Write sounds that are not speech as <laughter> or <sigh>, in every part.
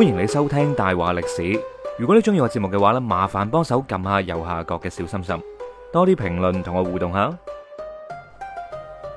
歡迎你收聽大話歷史。如果你中意我節目嘅話呢，麻煩幫手撳下右下角嘅小心心，多啲評論同我互動下。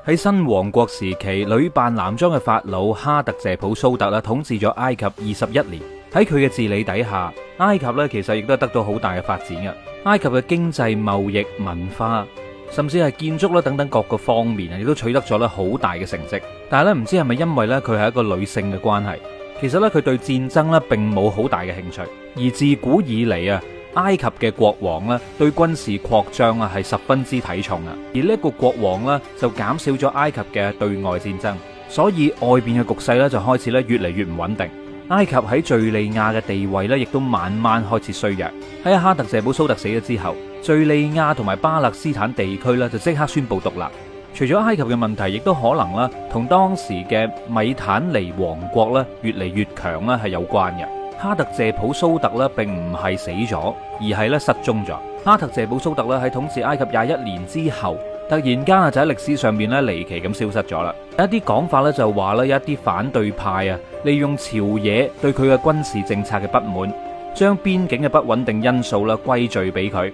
喺 <noise> 新王國時期，女扮男裝嘅法老哈特謝普蘇特啦，統治咗埃及二十一年。喺佢嘅治理底下，埃及呢其實亦都得到好大嘅發展嘅。埃及嘅經濟、貿易、文化，甚至係建築啦等等各個方面啊，亦都取得咗咧好大嘅成績。但係咧，唔知係咪因為呢，佢係一個女性嘅關係？其實咧，佢對戰爭咧，並冇好大嘅興趣。而自古以嚟啊，埃及嘅國王咧，對軍事擴張啊，係十分之睇重啊。而呢一個國王咧，就減少咗埃及嘅對外戰爭，所以外邊嘅局勢咧，就開始咧越嚟越唔穩定。埃及喺敘利亞嘅地位咧，亦都慢慢開始衰弱。喺哈特謝普蘇特死咗之後，敘利亞同埋巴勒斯坦地區咧，就即刻宣布獨立。除咗埃及嘅問題，亦都可能咧，同當時嘅米坦尼王國咧，越嚟越強，咧係有關嘅。哈特謝普蘇特咧，並唔係死咗，而係咧失蹤咗。哈特謝普蘇特咧，喺統治埃及廿一年之後，突然間啊就喺歷史上面咧離奇咁消失咗啦。有一啲講法咧就話咧，有一啲反對派啊利用朝野對佢嘅軍事政策嘅不滿，將邊境嘅不穩定因素咧歸罪俾佢。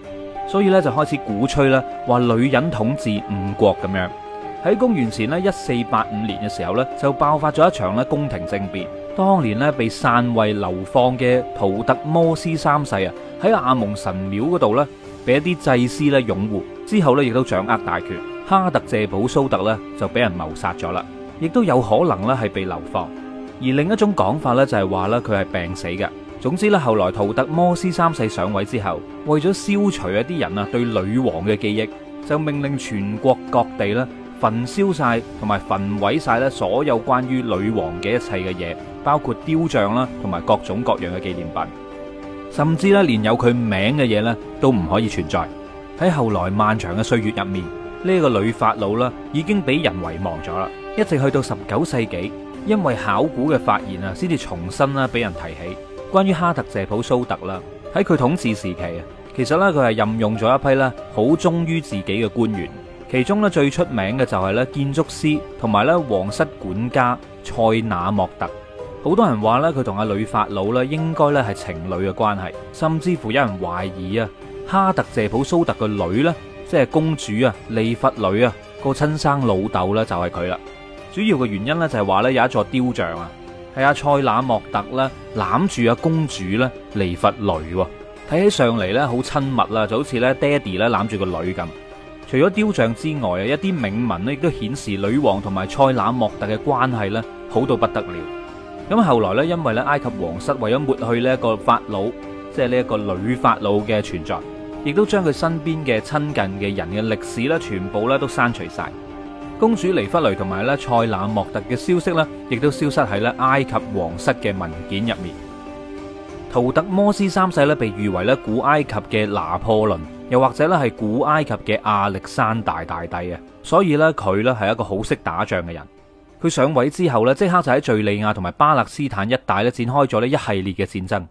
所以咧就開始鼓吹啦，話女人統治誤國咁樣。喺公元前呢，一四八五年嘅時候呢，就爆發咗一場呢宮廷政變。當年呢，被篡位流放嘅圖特摩斯三世啊，喺阿蒙神廟嗰度呢，俾一啲祭司呢擁護，之後呢，亦都掌握大權。哈特謝普蘇特呢，就俾人謀殺咗啦，亦都有可能呢係被流放。而另一種講法呢，就係話呢，佢係病死嘅。總之咧，後來圖特摩斯三世上位之後，為咗消除一啲人啊對女王嘅記憶，就命令全國各地咧焚燒晒同埋焚毀晒咧所有關於女王嘅一切嘅嘢，包括雕像啦同埋各種各樣嘅紀念品，甚至咧連有佢名嘅嘢咧都唔可以存在。喺後來漫長嘅歲月入面，呢個女法老啦已經俾人遺忘咗啦，一直去到十九世紀，因為考古嘅發現啊，先至重新啦俾人提起。關於哈特謝普蘇特啦，喺佢統治時期啊，其實咧佢係任用咗一批咧好忠於自己嘅官員，其中咧最出名嘅就係咧建築師同埋咧皇室管家塞納莫特。好多人話咧佢同阿女法老咧應該咧係情侶嘅關係，甚至乎有人懷疑啊，哈特謝普蘇特嘅女咧即係公主啊利弗女啊，個親生老豆啦就係佢啦。主要嘅原因咧就係話咧有一座雕像啊。係啊，塞納莫特咧攬住阿公主咧嚟佛女，睇起上嚟咧好親密啦，就好似咧爹哋咧攬住個女咁。除咗雕像之外啊，一啲銘文呢，亦都顯示女王同埋塞納莫特嘅關係咧好到不得了。咁後來咧，因為咧埃及皇室為咗抹去呢一個法老，即係呢一個女法老嘅存在，亦都將佢身邊嘅親近嘅人嘅歷史咧全部咧都刪除晒。公主尼弗雷同埋咧塞納莫特嘅消息咧，亦都消失喺咧埃及皇室嘅文件入面。圖特摩斯三世咧，被譽為咧古埃及嘅拿破崙，又或者咧係古埃及嘅亞歷山大大帝啊。所以咧，佢咧係一個好識打仗嘅人。佢上位之後咧，即刻就喺敘利亞同埋巴勒斯坦一帶咧展開咗咧一系列嘅戰爭。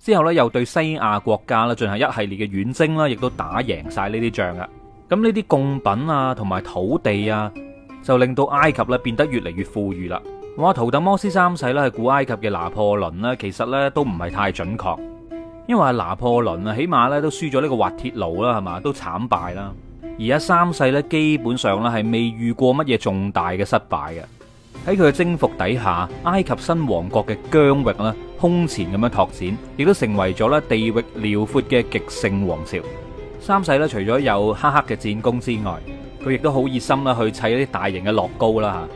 之後咧又對西亞國家咧進行一系列嘅遠征啦，亦都打贏晒呢啲仗啊。咁呢啲貢品啊，同埋土地啊。就令到埃及咧變得越嚟越富裕啦。話圖特摩斯三世咧係古埃及嘅拿破崙呢，其實咧都唔係太準確，因為拿破崙啊，起碼咧都輸咗呢個滑鐵盧啦，係嘛都慘敗啦。而家三世咧基本上咧係未遇過乜嘢重大嘅失敗嘅。喺佢嘅征服底下，埃及新王國嘅疆域咧空前咁樣拓展，亦都成為咗咧地域遼闊嘅極盛王朝。三世咧除咗有赫赫嘅戰功之外，佢亦都好熱心啦，去砌一啲大型嘅樂高啦嚇。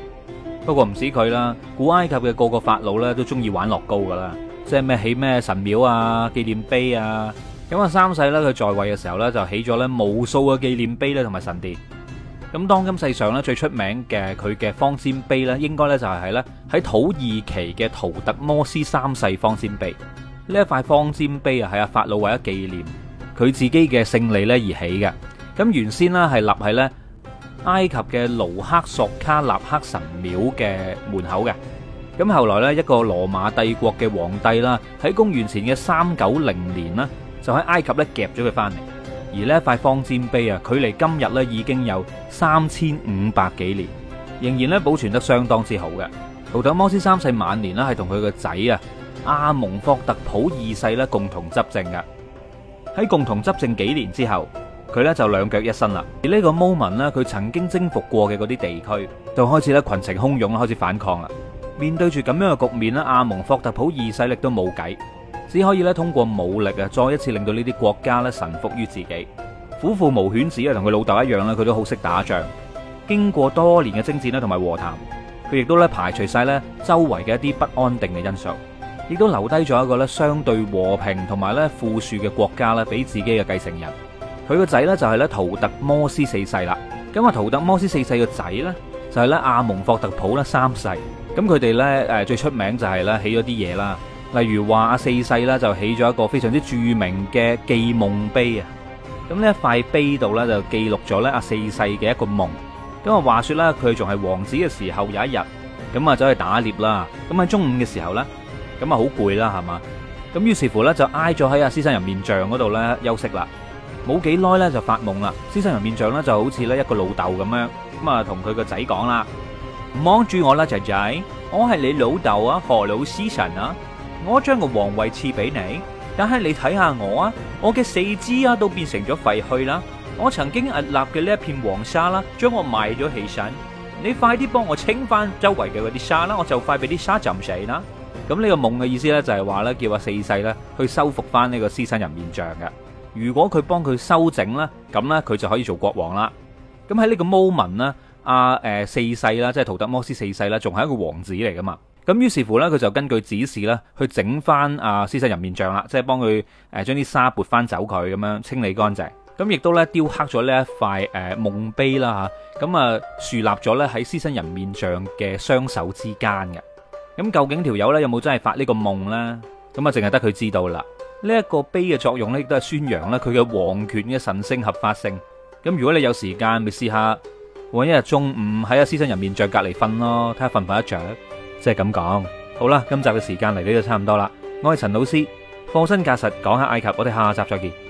不過唔止佢啦，古埃及嘅個個法老呢都中意玩樂高噶啦，即係咩起咩神廟啊、紀念碑啊。咁啊，三世呢，佢在位嘅時候呢，就起咗呢無數嘅紀念碑咧同埋神殿。咁當今世上呢最出名嘅佢嘅方尖碑呢，應該呢就係喺喺土耳其嘅圖特摩斯三世方尖碑。呢一塊方尖碑啊，係阿法老為咗紀念佢自己嘅勝利咧而起嘅。咁原先呢，係立喺呢。埃及嘅盧克索卡納克神廟嘅門口嘅，咁後來呢，一個羅馬帝國嘅皇帝啦，喺公元前嘅三九零年啦，就喺埃及呢夾咗佢翻嚟，而呢一塊方尖碑啊，距離今日呢已經有三千五百幾年，仍然呢保存得相當之好嘅。圖特摩斯三世晚年呢，係同佢個仔啊阿蒙霍特普二世呢共同執政嘅，喺共同執政幾年之後。佢呢就兩腳一伸啦，而呢個 moment 呢，佢曾經征服過嘅嗰啲地區，就開始咧群情洶湧啦，開始反抗啦。面對住咁樣嘅局面呢，阿蒙霍特普二世力都冇計，只可以咧通過武力啊，再一次令到呢啲國家咧臣服於自己。虎父無犬子啊，同佢老豆一樣呢，佢都好識打仗。經過多年嘅征戰咧，同埋和談，佢亦都咧排除晒咧周圍嘅一啲不安定嘅因素，亦都留低咗一個咧相對和平同埋咧富庶嘅國家咧，俾自己嘅繼承人。佢個仔咧就係咧圖特摩斯四世啦，咁啊圖特摩斯四世個仔咧就係咧阿蒙霍特普啦三世，咁佢哋咧誒最出名就係咧起咗啲嘢啦，例如話阿四世啦就起咗一個非常之著名嘅記夢碑啊，咁呢一塊碑度咧就記錄咗咧阿四世嘅一個夢，咁啊話說啦佢仲係王子嘅時候有一日，咁啊走去打獵啦，咁喺中午嘅時候咧，咁啊好攰啦係嘛，咁於是乎咧就挨咗喺阿獅身人面像嗰度咧休息啦。冇幾耐咧就發夢啦，獅身人面像咧就好似咧一個老豆咁樣，咁啊同佢個仔講啦，唔好 <noise> 住我啦仔仔，我係你老豆啊，何老獅神啊，我將個皇位賜俾你，但係你睇下我啊，我嘅四肢啊都變成咗廢墟啦，我曾經屹立嘅呢一片黃沙啦，將我埋咗起身，你快啲幫我清翻周圍嘅嗰啲沙啦，我就快俾啲沙浸死啦。咁呢個夢嘅意思咧就係話咧叫阿四世咧去修復翻呢個獅身人面像嘅。如果佢幫佢修整啦，咁呢，佢就可以做國王啦。咁喺呢個 moment 呢，阿、呃、誒四世啦，即係圖特摩斯四世啦，仲係一個王子嚟噶嘛。咁於是乎呢，佢就根據指示咧，去整翻阿獅身人面像啦，即係幫佢誒將啲沙撥翻走佢，咁樣清理乾淨。咁亦都呢雕刻咗呢一塊誒、呃、夢碑啦吓，咁啊豎立咗呢喺獅身人面像嘅雙手之間嘅。咁究竟條友呢，有冇真係發呢個夢呢？咁啊，淨係得佢知道啦。呢一個碑嘅作用咧，亦都係宣揚咧佢嘅王權嘅神聖合法性。咁如果你有時間，咪試下換一日中午喺阿師生入面着隔離瞓咯，睇下瞓唔瞓得着，即係咁講。好啦，今集嘅時間嚟呢就差唔多啦，我係陳老師，放身駕實講下埃及，我哋下集再見。